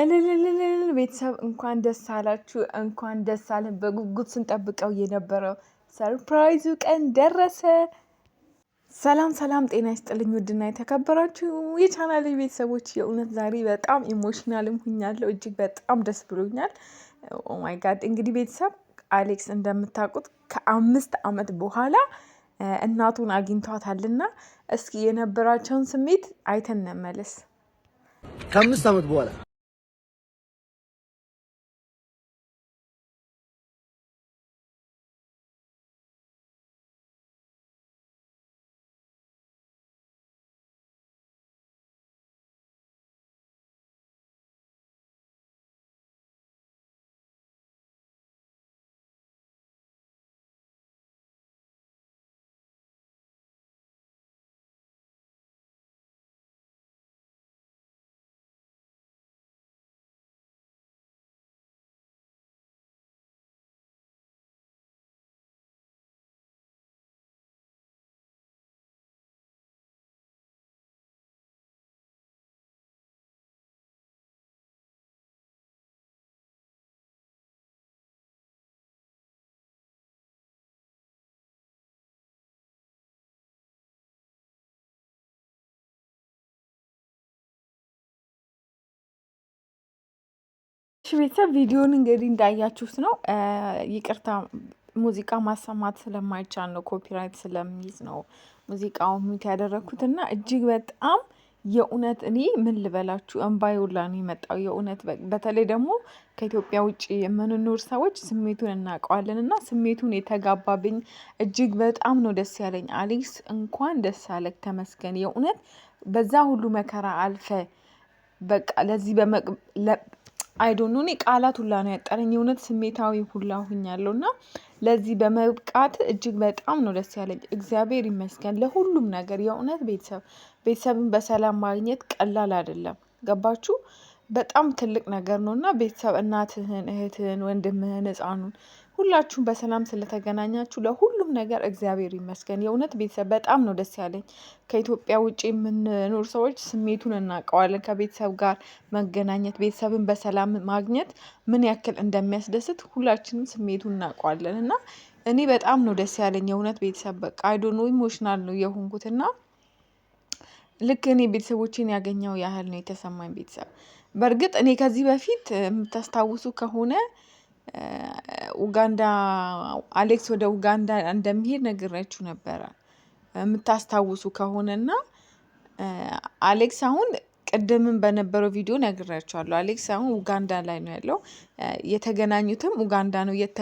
እልልልልል ቤተሰብ እንኳን ደስ አላችሁ፣ እንኳን ደስ አለን። በጉጉት ስንጠብቀው የነበረው ሰርፕራይዙ ቀን ደረሰ። ሰላም ሰላም፣ ጤና ይስጥልኝ ውድና የተከበራችሁ የቻናል ቤተሰቦች፣ የእውነት ዛሬ በጣም ኢሞሽናልም ሁኛለሁ። እጅግ በጣም ደስ ብሎኛል። ኦማይ ጋድ እንግዲህ ቤተሰብ አሌክስ እንደምታውቁት ከአምስት ዓመት በኋላ እናቱን አግኝቷታልና እስኪ የነበራቸውን ስሜት አይተን እንመለስ። ከአምስት ዓመት በኋላ ቤተሰብ ቪዲዮን እንግዲህ እንዳያችሁት ነው። ይቅርታ ሙዚቃ ማሰማት ስለማይቻል ነው፣ ኮፒራይት ስለሚይዝ ነው ሙዚቃው ሚት ያደረግኩት እና እጅግ በጣም የእውነት እኔ ምን ልበላችሁ እምባዩላ ነው የመጣው። የእውነት በተለይ ደግሞ ከኢትዮጵያ ውጭ የምንኖር ሰዎች ስሜቱን እናውቀዋለን እና ስሜቱን የተጋባብኝ እጅግ በጣም ነው ደስ ያለኝ። አሌክስ እንኳን ደስ አለህ፣ ተመስገን። የእውነት በዛ ሁሉ መከራ አልፈ በቃ ለዚህ በመቅ አይዶኑ እኔ ቃላት ሁላ ነው ያጠረኝ የእውነት ስሜታዊ ሁላ ሁኛለሁ። እና ለዚህ በመብቃት እጅግ በጣም ነው ደስ ያለኝ። እግዚአብሔር ይመስገን ለሁሉም ነገር የእውነት ቤተሰብ ቤተሰብን በሰላም ማግኘት ቀላል አይደለም። ገባችሁ በጣም ትልቅ ነገር ነው። እና ቤተሰብ እናትህን እህትህን ወንድምህን ህፃኑን ሁላችሁም በሰላም ስለተገናኛችሁ ለሁሉም ነገር እግዚአብሔር ይመስገን። የእውነት ቤተሰብ በጣም ነው ደስ ያለኝ። ከኢትዮጵያ ውጭ የምንኖር ሰዎች ስሜቱን እናውቀዋለን። ከቤተሰብ ጋር መገናኘት፣ ቤተሰብን በሰላም ማግኘት ምን ያክል እንደሚያስደስት ሁላችንም ስሜቱን እናውቀዋለን እና እኔ በጣም ነው ደስ ያለኝ የእውነት ቤተሰብ በቃ አይዶ ነው ኢሞሽናል ነው የሆንኩት እና ልክ እኔ ቤተሰቦችን ያገኘው ያህል ነው የተሰማኝ ቤተሰብ። በእርግጥ እኔ ከዚህ በፊት የምታስታውሱ ከሆነ ኡጋንዳ አሌክስ ወደ ኡጋንዳ እንደሚሄድ ነግሬያችሁ ነበረ የምታስታውሱ ከሆነና አሌክስ አሁን ቅድምም በነበረው ቪዲዮ ነግሬያችኋለሁ። አሌክስ አሁን ኡጋንዳ ላይ ነው ያለው። የተገናኙትም ኡጋንዳ ነው። የት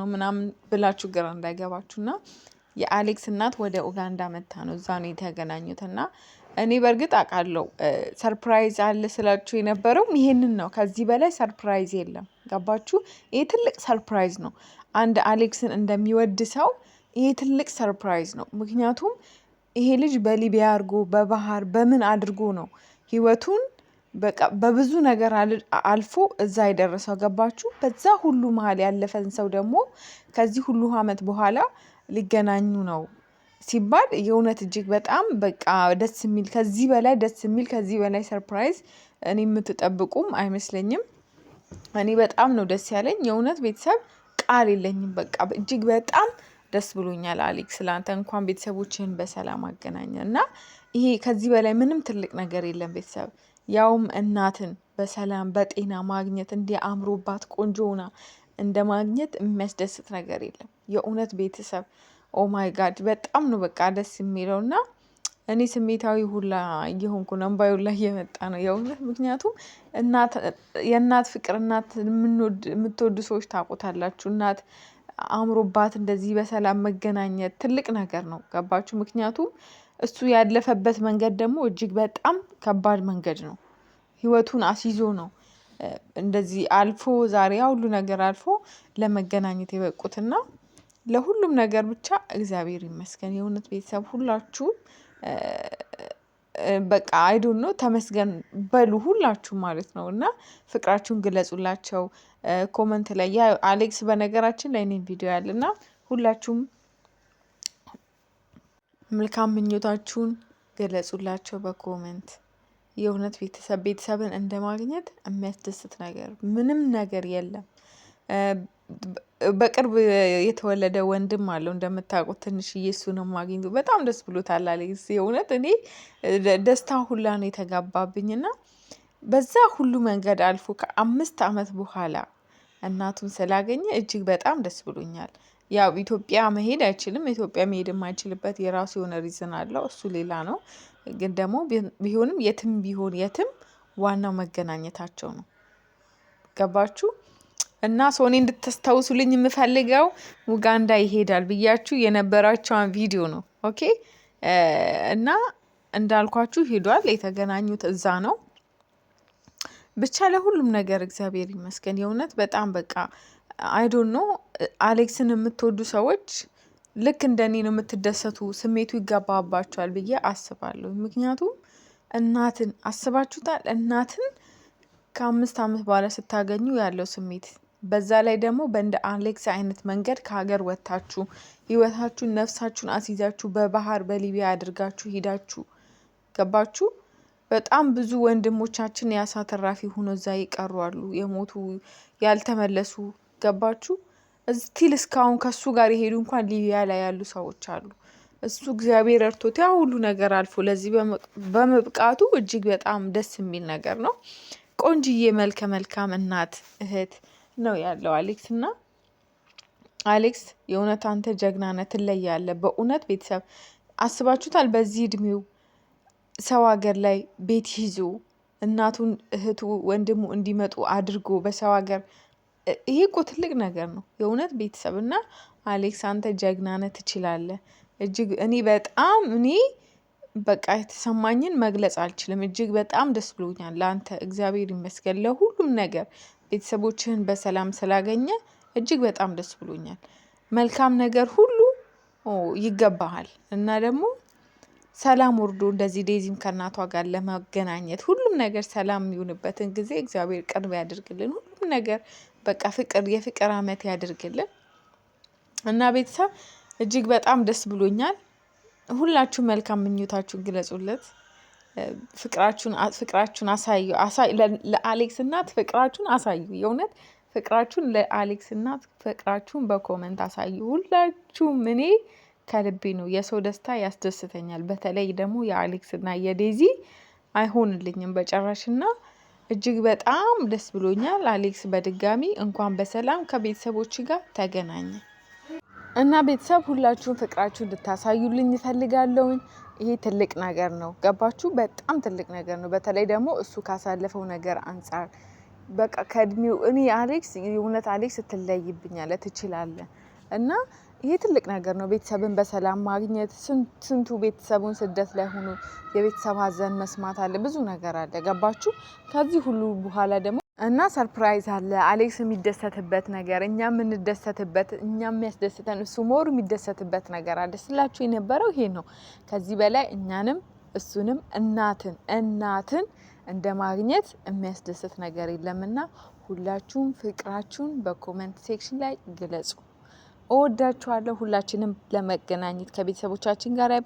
ነው ምናምን ብላችሁ ግራ እንዳይገባችሁ የአሌክስ እናት ወደ ኡጋንዳ መታ ነው እዛ ነው የተገናኙት እና እኔ በእርግጥ አውቃለሁ ሰርፕራይዝ አለ ስላችሁ የነበረውም ይሄንን ነው። ከዚህ በላይ ሰርፕራይዝ የለም። ገባችሁ? ይሄ ትልቅ ሰርፕራይዝ ነው። አንድ አሌክስን እንደሚወድ ሰው ይሄ ትልቅ ሰርፕራይዝ ነው። ምክንያቱም ይሄ ልጅ በሊቢያ አድርጎ በባህር በምን አድርጎ ነው ህይወቱን በብዙ ነገር አልፎ እዛ የደረሰው ገባችሁ? በዛ ሁሉ መሀል ያለፈን ሰው ደግሞ ከዚህ ሁሉ አመት በኋላ ሊገናኙ ነው ሲባል የእውነት እጅግ በጣም በቃ ደስ የሚል ከዚህ በላይ ደስ የሚል ከዚህ በላይ ሰርፕራይዝ እኔ የምትጠብቁም አይመስለኝም። እኔ በጣም ነው ደስ ያለኝ የእውነት ቤተሰብ ቃል የለኝም በቃ እጅግ በጣም ደስ ብሎኛል። አሌክስ ስላንተ እንኳን ቤተሰቦችህን በሰላም አገናኘ እና ይሄ ከዚህ በላይ ምንም ትልቅ ነገር የለም። ቤተሰብ ያውም እናትን በሰላም በጤና ማግኘት እንዲህ አምሮባት ቆንጆ ሆና እንደማግኘት የሚያስደስት ነገር የለም። የእውነት ቤተሰብ ኦማይ ጋድ በጣም ነው በቃ ደስ የሚለው እና እኔ ስሜታዊ ሁላ እየሆንኩ ነው። እምባዬ ላይ እየመጣ ነው የእውነት ምክንያቱም የእናት ፍቅር እናት የምትወዱ ሰዎች ታውቁታላችሁ እናት አእምሮባት እንደዚህ በሰላም መገናኘት ትልቅ ነገር ነው። ገባችሁ ምክንያቱም እሱ ያለፈበት መንገድ ደግሞ እጅግ በጣም ከባድ መንገድ ነው። ህይወቱን አስይዞ ነው። እንደዚህ አልፎ ዛሬ ሁሉ ነገር አልፎ ለመገናኘት የበቁትና ለሁሉም ነገር ብቻ እግዚአብሔር ይመስገን የእውነት ቤተሰብ ሁላችሁም በቃ አይዶኖ ተመስገን በሉ ሁላችሁ ማለት ነው። እና ፍቅራችሁን ግለጹላቸው ኮመንት ላይ ያ አሌክስ በነገራችን ላይ እኔን ቪዲዮ ያለ እና ሁላችሁም መልካም ምኞታችሁን ገለጹላቸው በኮመንት የእውነት ቤተሰብ ቤተሰብን እንደማግኘት የሚያስደስት ነገር ምንም ነገር የለም። በቅርብ የተወለደ ወንድም አለው እንደምታውቁት ትንሽዬ እሱንም አግኝቶ በጣም ደስ ብሎታል አለኝ። የእውነት እኔ ደስታ ሁላ ነው የተጋባብኝ እና በዛ ሁሉ መንገድ አልፎ ከአምስት ዓመት በኋላ እናቱን ስላገኘ እጅግ በጣም ደስ ብሎኛል። ያው ኢትዮጵያ መሄድ አይችልም ኢትዮጵያ መሄድ የማይችልበት የራሱ የሆነ ሪዝን አለው እሱ ሌላ ነው። ግን ደግሞ ቢሆንም የትም ቢሆን የትም ዋናው መገናኘታቸው ነው። ገባችሁ እና ሶኔ እንድታስታውሱልኝ የምፈልገው ኡጋንዳ ይሄዳል ብያችሁ የነበራቸውን ቪዲዮ ነው። ኦኬ እና እንዳልኳችሁ ሄዷል። የተገናኙት እዛ ነው። ብቻ ለሁሉም ነገር እግዚአብሔር ይመስገን። የእውነት በጣም በቃ አይዶን ነው። አሌክስን የምትወዱ ሰዎች ልክ እንደ እኔ ነው የምትደሰቱ፣ ስሜቱ ይገባባቸዋል ብዬ አስባለሁ። ምክንያቱም እናትን አስባችሁታል። እናትን ከአምስት ዓመት በኋላ ስታገኙ ያለው ስሜት በዛ ላይ ደግሞ በእንደ አሌክስ አይነት መንገድ ከሀገር ወጥታችሁ ህይወታችሁን ነፍሳችሁን አስይዛችሁ በባህር በሊቢያ አድርጋችሁ ሂዳችሁ ገባችሁ። በጣም ብዙ ወንድሞቻችን የአሳ ተራፊ ሆኖ እዛ ይቀሩ አሉ፣ የሞቱ ያልተመለሱ ገባችሁ። እስቲል እስካሁን ከሱ ጋር የሄዱ እንኳን ሊቢያ ላይ ያሉ ሰዎች አሉ። እሱ እግዚአብሔር እርቶት ያ ሁሉ ነገር አልፎ ለዚህ በመብቃቱ እጅግ በጣም ደስ የሚል ነገር ነው። ቆንጅዬ መልከ መልካም እናት እህት ነው ያለው አሌክስ እና አሌክስ የእውነት አንተ ጀግና ነህ፣ በእውነት ቤተሰብ አስባችሁታል? በዚህ እድሜው ሰው ሀገር ላይ ቤት ይዞ እናቱን፣ እህቱ፣ ወንድሙ እንዲመጡ አድርጎ በሰው ሀገር ይሄ እኮ ትልቅ ነገር ነው የእውነት ቤተሰብ እና አሌክስ አንተ ጀግና ነህ፣ እጅግ እኔ በጣም እኔ በቃ የተሰማኝን መግለጽ አልችልም። እጅግ በጣም ደስ ብሎኛል። ለአንተ እግዚአብሔር ይመስገን ለሁሉም ነገር ቤተሰቦችህን በሰላም ስላገኘ እጅግ በጣም ደስ ብሎኛል። መልካም ነገር ሁሉ ይገባሃል እና ደግሞ ሰላም ወርዶ እንደዚህ ዴዚም ከእናቷ ጋር ለመገናኘት ሁሉም ነገር ሰላም የሚሆንበትን ጊዜ እግዚአብሔር ቅርብ ያደርግልን። ሁሉም ነገር በቃ ፍቅር የፍቅር አመት ያደርግልን። እና ቤተሰብ እጅግ በጣም ደስ ብሎኛል። ሁላችሁም መልካም ምኞታችሁን ግለጹለት ፍቅራችሁን አሳዩ። ለአሌክስ እናት ፍቅራችሁን አሳዩ። የእውነት ፍቅራችሁን ለአሌክስ እናት ፍቅራችሁን በኮመንት አሳዩ። ሁላችሁም እኔ ከልቤ ነው። የሰው ደስታ ያስደስተኛል። በተለይ ደግሞ የአሌክስ እና የዴዚ አይሆንልኝም በጨራሽና እጅግ በጣም ደስ ብሎኛል። አሌክስ በድጋሚ እንኳን በሰላም ከቤተሰቦች ጋር ተገናኘ። እና ቤተሰብ ሁላችሁን ፍቅራችሁ እንድታሳዩልኝ ይፈልጋለውኝ። ይሄ ትልቅ ነገር ነው፣ ገባችሁ? በጣም ትልቅ ነገር ነው። በተለይ ደግሞ እሱ ካሳለፈው ነገር አንጻር በቃ ከእድሜው እኔ አሌክስ የእውነት አሌክስ ትለይብኛለ ትችላለ እና ይሄ ትልቅ ነገር ነው። ቤተሰብን በሰላም ማግኘት ስንቱ ቤተሰቡን ስደት ላይ ሆኖ የቤተሰብ ሀዘን መስማት አለ፣ ብዙ ነገር አለ። ገባችሁ? ከዚህ ሁሉ በኋላ ደግሞ እና ሰርፕራይዝ አለ አሌክስ የሚደሰትበት ነገር እኛ የምንደሰትበት እኛ የሚያስደስተን እሱ ሞር የሚደሰትበት ነገር አለ ስላችሁ የነበረው ይሄ ነው። ከዚህ በላይ እኛንም እሱንም እናትን እናትን እንደ ማግኘት የሚያስደስት ነገር የለምና ሁላችሁም ፍቅራችሁን በኮመንት ሴክሽን ላይ ግለጹ። እወዳችኋለሁ። ሁላችንም ለመገናኘት ከቤተሰቦቻችን ጋር